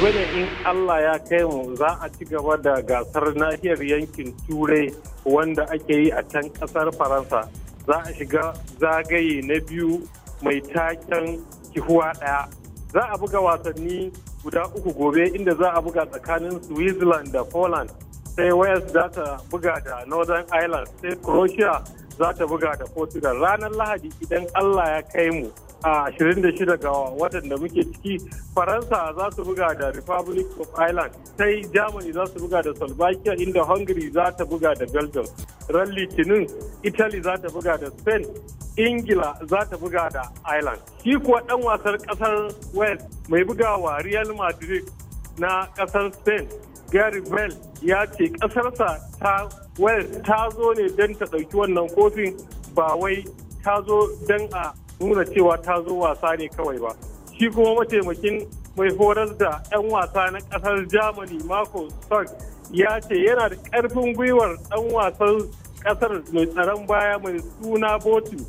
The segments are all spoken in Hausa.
gobe ne in Allah ya kai mu za a ci gaba da gasar nahiyar yankin turai wanda ake yi a can kasar faransa za a shiga zagaye na biyu mai taken kihuwa daya. za a buga wasanni guda uku gobe inda za a buga tsakanin switzerland da poland sai wales za ta buga da northern ireland sai croatia za ta buga da portugal ranar lahadi idan allah ya kai mu a 26 ga watan da muke ciki faransa za su buga da republic of ireland sai germany za su buga da slovakia inda hungary za ta buga da belgium ran litinin italy za ta buga da spain ingila za ta buga da ireland shi kuwa dan wasar kasar wales mai bugawa real madrid na kasar spain gary bell ya ce kasarsa ta wales ta zo ne don ta ɗauki wannan kofin ba wai ta zo don a nuna cewa ta zo wasa ne kawai ba shi kuma mataimakin mai horar da 'yan wasa na kasar germany marco stark ya ce yana da karfin gwiwar dan wasan kasar mai tsaron baya mai suna botin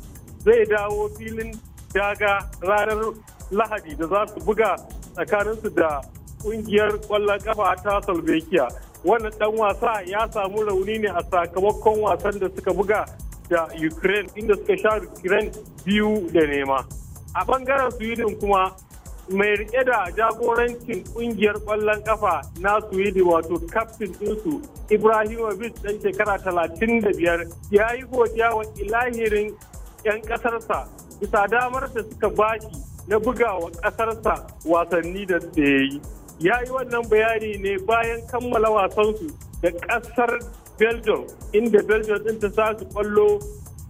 zai dawo filin daga ranar lahadi da za su buga tsakaninsu da kungiyar kwallon kafa ta salvekiya wannan dan wasa ya samu rauni ne a sakamakon wasan da suka buga da ukraine inda suka sha ukraine biyu da nema a bangaren sweden kuma mai rike da jagorancin kungiyar kwallon kafa na sweden wato captain dinsu ibrahimovic dan shekara talatin da biyar ya yi godiya wa ilahirin 'yan kasarsa bisa damar da suka bashi na bugawa kasarsa wasanni da ya yi ya yi wannan bayani ne bayan kammala wasansu da kasar belgium inda belgium din ta sasu kwallo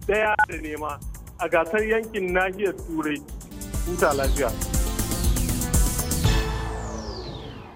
daya da nema a gasar yankin nahiyar turai huta lafiya